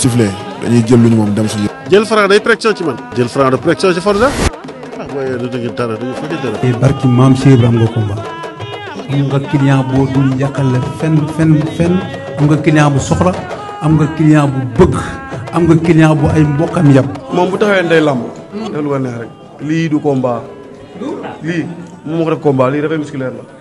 sifflé dañuy jël lu ñu moom dem suñu. jël Franc day pression ci man. jël Franc de pression ci Forza. Ah. ah mooy lu dëgg dara du fa dara. barki maam Cheikh Ibrahima am nga combat. am nga client boo dul yàqal fenn fenn fenn am nga client bu soxla am nga client bu bëgg am nga client bu ay mbokkam yàpp. moom bu taxawee day làmb. def lu ko rek lii du combat. lii moom moo ko def combat lii dafay musculaire la.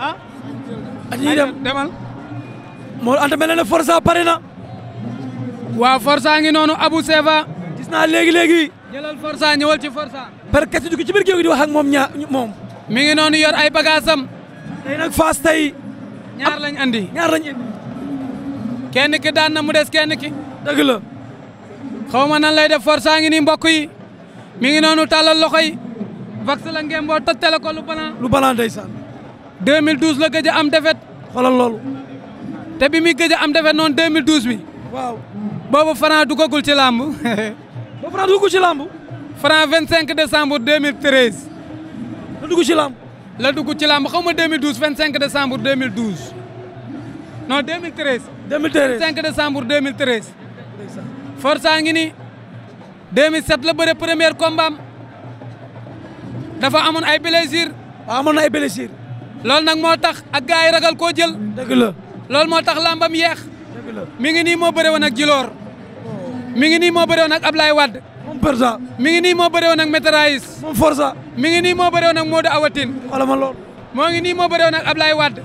Ah. ah. dañuy dem demal. moo anta mel na ne Forza pare na. waaw Forza ngi noonu Abou Seva. gis naa léegi léegi. jëlal Forza ñëwal ci Forza. parce que dugg ci biir géew gi di wax ak moom ñaa moom. mi ngi noonu yor ay bagaasam. tey nag Fass tey. ñaar lañ andi ñaar lañ andi. kenn daan na mu des kenn ki. dëgg la. xaw ma nan lay def Forza ngi nii mbokk yi. mi ngi noonu tàllal loxo yi. vax la ngeen boo tëttale ko lu balan lu balan ndeysaan 2012 la gëj am defet xoolal lool te bi muy gëj a am defet noonu 2012 bi. waaw boobu Franc dugagul ci làmb. boobu Franc duggagul ci làmb. Franc 25 décembre 2013. la dugg ci làmb. la dugg ci làmb xaw ma 2012 25 décembre 2012 non 2013. 2013 25 décembre 2013. Forza ngi ni 2007 la bëre premier combat am dafa amoon ay blessures. waaw na ay blessures. loolu nag moo tax ak gars yi ragal koo jël. dëgg loolu moo tax làmbam yeex. dëgg mi ngi nii moo bëre woon ak Djilor. mi ngi nii moo bëre woon ak Ablaye Wade. moom Persa. mi ngi nii moo bëre woon ak Métérais. moom Forza. mi ngi nii moo bëre woon ak Modou Awatine. wala ma lool. moo ngi nii moo bëre woon ablaay Ablaye Wade.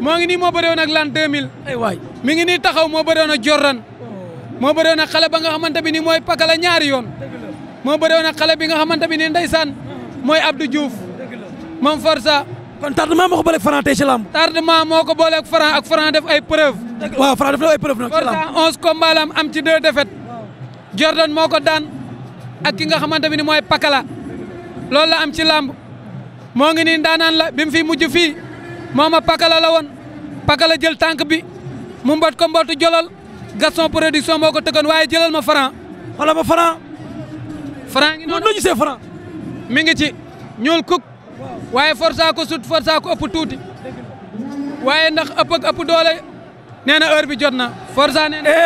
moo ngi nii moo bëre woon ak l'an 2000. ay waay mi ngi nii taxaw moo bëre woon ak Jordan. Oh. moo bëre woon xale ba nga xamante bi nii mooy Pakala ñaari yoon. moo bëre woon ak xale bi nga xamante bi nii ndeysaan uh-huh. mooy Abdou Diouf moom kon tardement moo ko booleeg Franc tey ci lamb. tardement moo ko booleeg Franc ak Franc def ay preuve waaw Franc def ay preuve nag am ci deux défaites Jordan moo ko daan ak ki nga xamante ni mooy Pakala loolu la am ci lamb moo ngi nii daanaan la bi fi mujj fii mooma Pakala la woon Pakala jël tànk bi mu mbot ko mbotu jolal Gaston production moo ko tëggoon waaye jëlal ma Franc. xoolal ma Franc. Franc ngi noonu gisee Franc. mi ngi ci ñuul kuk. waaye Forza ko sut Forza ko ëpp tuuti waaye ndax ëpp ëpp doole neena na bi jot na Forza nee na eh!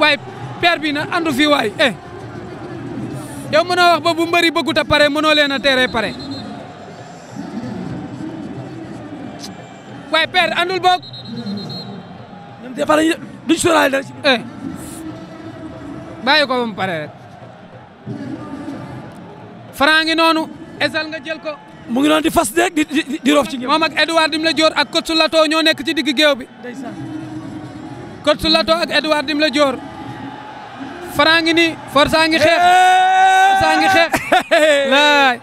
waaye père bi na andu fii waay eh yow mënoo wax ba bu mbëri pare mënoo leen a teeree pare waaye père andul boog. ñoom des fois dañuy duñ sóoraale eh. ko ba mu pare rek. noonu. esal nga jël ko. mu ngi noonu di fas ci ngeen. moom ak Edouard Dimle Dior ak coach Lato ñoo nekk ci digg géew bi. coach Lato ak Edouard Dimle Dior. Franc ngi nii Forza ngi xeex. Forza ngi xeex. laay.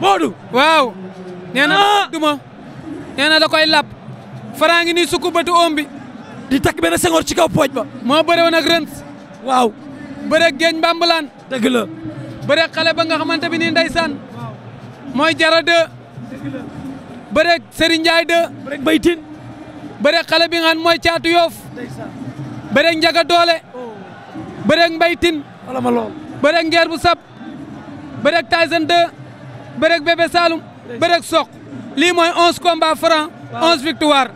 Moodu. waaw. nee ah! duma. nee na da koy lap. Franc ngi nii sukku bëtu oom bi. di takk benn sengoor ci kaw pooj ba. moo bëre woon ak Rens. waaw. bëre Géeñ Bambalaan. dëgg bëre xale ba nga xamante bi nii ndeysaan mooy jara de bëreeg Serigne Ndiaye de bëreeg Baytin bëreeg xale bi nga mooy caatu yoof bëreeg njaga doole oh. bëreeg Mbaytin wala ma lool bëreeg ngeer bu sab bëreeg Tyson de bëreeg bébé Saloum bëreeg soq lii mooy onze combat franc onze victoire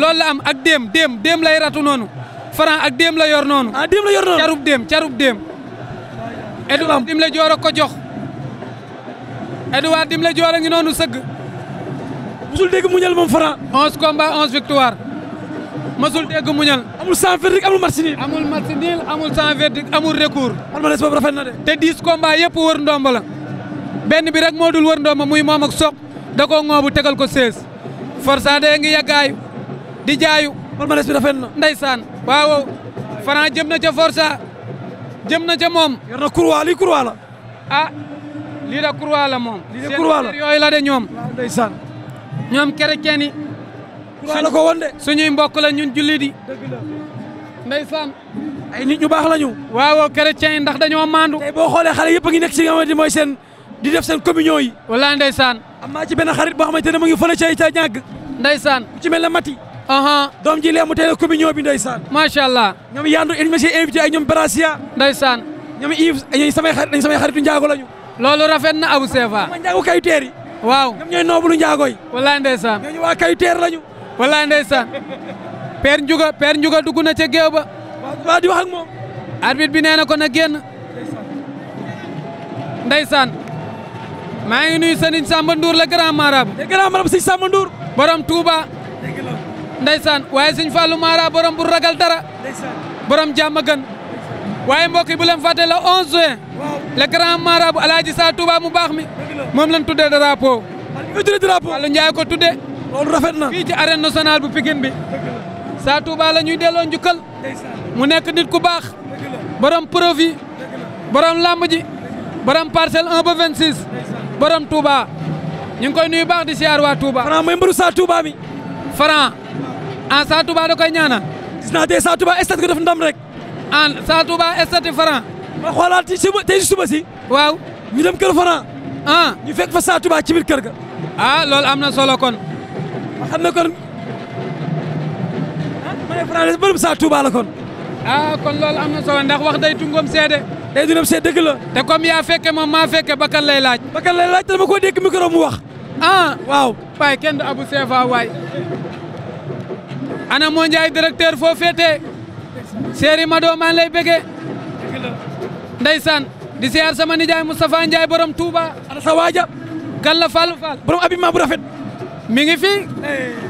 loolu la am ak déem déem déem lay ratu noonu franc ak déem la yor noonu ah déem la yor carub déem carub déem edu dim la joor ko jox Edouard Dimele Dior a ngi noonu sëgg. musul dégg muñal moom Franc. 11 combats 11 victoire. musul dégg muñal. amul sans verdict amul match amul match nul amul sans te 10 combats yëpp wër ndomba benn bi rek moo dul wër ndomba muy moom ak soq. ŋoobu tegal ko 16. forçat de ngi yàggaayu. di jaayu. palmarès bi rafet na. ndeysaan jëm na ca forçat. jëm na ca moom. yor na courroie lii de croix la moom. lii de croix la yooyu la de ñoom. kere ndeysaan. ñoom yi. croix la ko woon de. suñuy mbokk la ñun jullit yi. dëgg la ndeysaan. ay nit ñu baax la ñu. waaw chrétien yi ndax dañoo maandu. tey boo xoolee xale yëpp ngi nekk ci nga xamante ni mooy seen di def seen communion yi. wala ndeysaan. am naa ci benn xarit boo xamante ne mu ngi fële ca ca ñàgg. ndeysaan ku ci mel ne Mati. doom ji leemu tey la communion bi ndeysaan. macha allah. ñoom yandu ñu ma si invité ay ñoom Brasia. ndeysaan. ñoom Yves ay samay xarit dañ samay xaritu njaago loolu rafet na Abu Sefa. ma njaagu kayiteer yi. waaw ñoom ñooy noobulu njaago yi. wallaay ndeysaan ñooñu waa kayiteer lañu. wallaay ndeysaan. Père na ca géew ba. waa di wax ak moom. bi nee na ko na génn. ndeysaan. maa ngi nuyu Serigne Samba nduur la grand marabout. le grand marabout Serigne Samba Ndour. borom Touba. ndeysaan waaye Serigne Fallou Mara borom bu ragal dara. borom jàmm gën. waaye mbokk yi bu leen fàtte la 11 le grand marabout alaaji saa Touba mu baax mi moom lañ tudde drapeau wàllu njaay ko tuddee loolu rafet na ci arène nationale bu bi saa ñuy delloo njukkal mu nekk nit ku baax borom profit borom làmb ji borom parcelle 1 ba 26 borom Touba ñu ngi koy nuyu baax di siyaar waa Touba. mooy mbëru saa Touba bi. Franc ah saa Touba da koy ñaana gis naa tey saa Touba estat ko def ndam rek. ah saa Touba estat Franc. ma xoolaat ci suba suba si. waaw ñu dem kër Franc. ah ñu fekk fa Sa Touba ci biir kër ga. ah loolu am na solo kon. ma xam ne kon ah ma ne Franc bërëb Sa Touba la kon. ah kon loolu am na solo ndax wax day tungoom seede. day dundam seede dëgg la. te comme yaa fekke moom ma fekke bakkan lay laaj. bakkan lay laaj ko dama koo dégg mu wax. ah waaw. waaye kenn du Abu Sefa waay. ana moo Ndiaye directeur foo féetee. Serigne Mado maa ngi lay bëggee. ndeysaan di siyaar sama nijaay Moustapha Ndiaye borom Touba. sa waaja. Galla Fall Fall. borom abima bu rafet. mi ngi fi.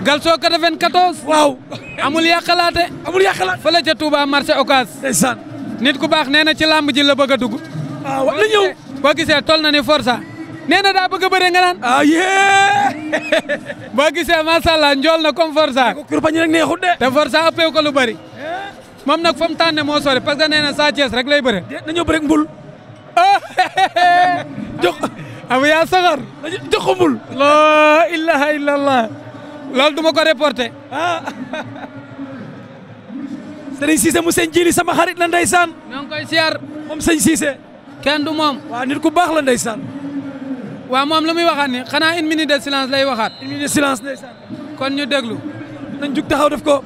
Gal soo 94. waaw. amul yàqalaate. amul yàqalaate. fële ca Touba marché Ocass. ndeysaan. nit ku baax nee na ci làmb ji la bëgg a ah, ñëw boo gisee tol na ni forsa nee na daa bëgg a bëre nga naan. ah yee. boo gisee macha allah njool forsa. te forsa ëppee ko lu bari. moom nag fa mu tànne moo sori parce que nee na Sa Thiès rek lay bëre. nañoo bëre mbul. jox abu yaa saxar. jox ko mbul. laa ilaha illallah. loolu du ma ko reporté. Ah. sëriñ Cissé mu sëñ Jili sama xarit la ndeysaan. ñoo ngi koy siyaar. moom sëñ Cissé. kenn du moom. nit ku baax la ndeysaan. waaw moom lu muy waxaat ni xanaa une minute de silence lay waxaat. mi minute de silence kon ñu déglu. nañ jug taxaw def ko.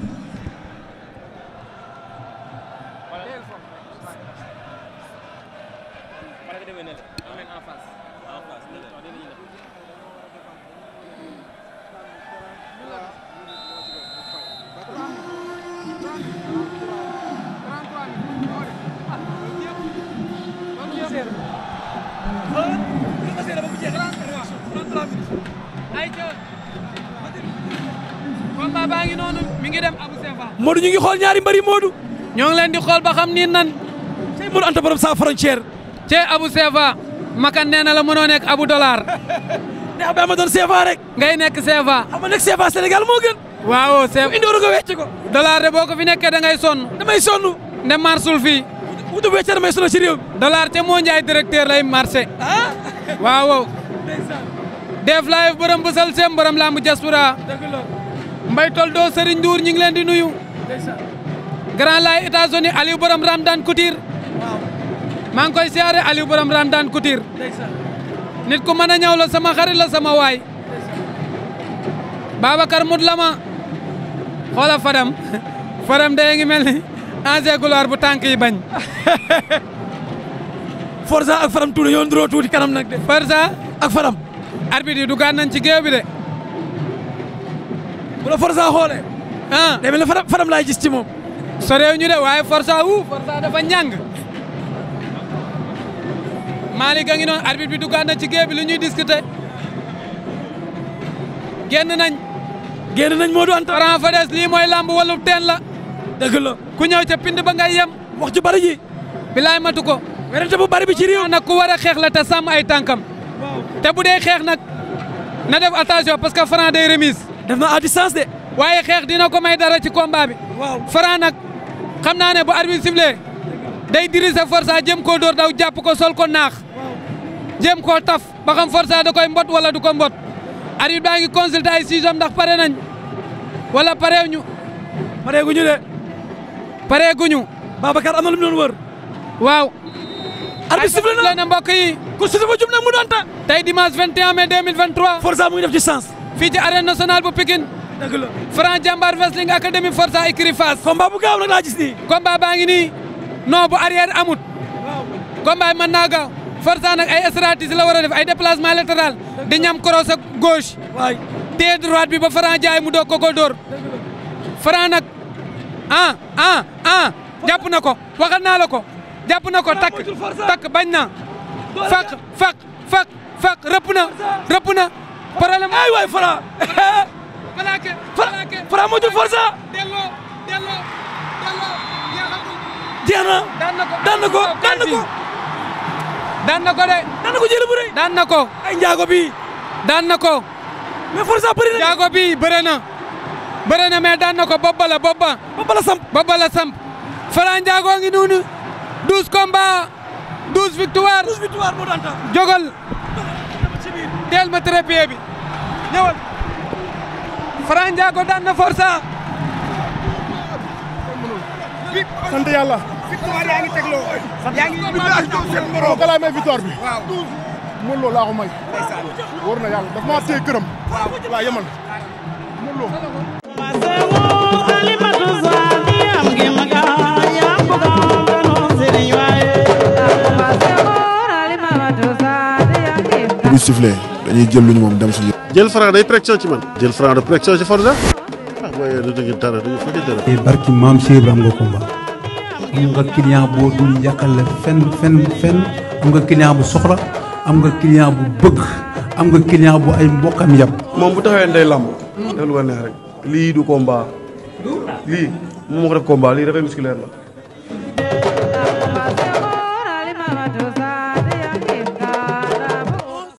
mi ngi dem Abou Sefa ñu ngi xool ñaari mbëri Modou ñoo ngi leen di xool ba xam ni nan cey Modou Anta Borom sans frontière cey Abou Sefa makan nee na la mënoo nekk Abou Dollar neex ba ma doon Sefa rek ngay nekk Sefa xam nga nekk Sefa Sénégal moo gën waaw Sefa indooru ko wecc ko dollar de boo ko fi nekkee da ngay sonn damay sonn nde marsul fii wutu wecc damay sonn ci réew dollar te moo njaay directeur lay marché ah. waaw def live borom bësal sem borom lamb diaspora Mbay Toldo Serigne Ndour ñu ngi leen di nuyu. Grand Laye États-Unis Aliou Borom Ramdan Couture. maa ngi koy siyaare Aliou Borom Ramdan Couture. nit ku mën a ñaw la sama xarit la sama waay. Babacar mut la ma xoola Fadam Fadam dee ngi mel ni ancien gloire bu tànk yi ak Fadam tuuti yoon duroo tuuti kanam nag ak Fadam. arbitre yi dugaat nañ ci géew bi de. bu la Forza xoolee. ah demee la faram faram laay gis ci moom. soreew ñu de waaye Forza wu Forza dafa ñàng. Malick a noonu arbitre bi duggaat na ci géej bi lu ñuy discuter. génn nañ. génn nañ moo doon. Franc Fadès lii mooy lamb wàllu teen la. dëgg ku ñëw ca pind ba ngay yem. wax ju bari bilaay matu ko. werante bu bari bi ci réew. nag ku war a xeex la te sàmm ay tànkam. te bu dee xeex nag na def attention parce que Franc day remise. def na à distance de. waaye xeex dina ko may dara ci combat bi. waaw Franc nag xam naa ne bu arbitre sifflé day diriger Forza jëm koo dóor daw jàpp ko sol ko naax. jëm koo taf ba xam Forza da koy mbot wala du ko mbot. arbitre baa ngi consulter ay ndax pare nañ wala parewuñu. pareeguñu de. pareeguñu. Babacar am na lu mu waaw. arbitre sifflé na mbokk yi. ku si dafa jum nag mu doon ta. tey dimanche 21 mai 2023. Forza mu fii ci arène nationale bu Pikine dëgg la Franc Jambar Wrestling Academy Forza écurie bu gaaw nag laa gis nii baa ngi nii non bu arrière amut waaw combat bi nag ay stratégie la war a def ay déplacement latéral di ñam cross ak gauche waay tée droite bi ba Franc jaay mu doog ko ko nag ah ah ah jàpp na ko waxal naa la ko jàpp na ko takk takk bañ na faq faq faq rëpp na rëpp na problème ay waay Franc. Falaake Falaake Franc moo jël ko daan ko daan ko de. daan ko jëlee bu rëy. ko. ay bi daan na ko. mais na bi bëri na. bëri na ko bopp bala bopp samp bopp samp. Franc njaago ngi noonu. douze combats douze victoire. douze victoire moo ma trépied bi. ñëwal Franc Ndiago daan na yàlla. victoire yaa ngi tegloo. yaa ngi kalaay may victoire bi. waaw loo laa ko yàlla daf maa téye këram. waaw waaw yemal mën loo. bu sifflé dañuy jël luñu moom dem suñu jël franc day pression ci man. jël franc de pression ci Forza. ah waaye du dëgg dara du eh, am nga combat. am boo dul yàqal fenn fenn fenn am nga client bu soxla am nga client bu bëgg am nga client bu ay mbokkam yàpp. moom bu taxawee day lamb. lii du combat. lii moom moo ko def lii dafay musculaire la.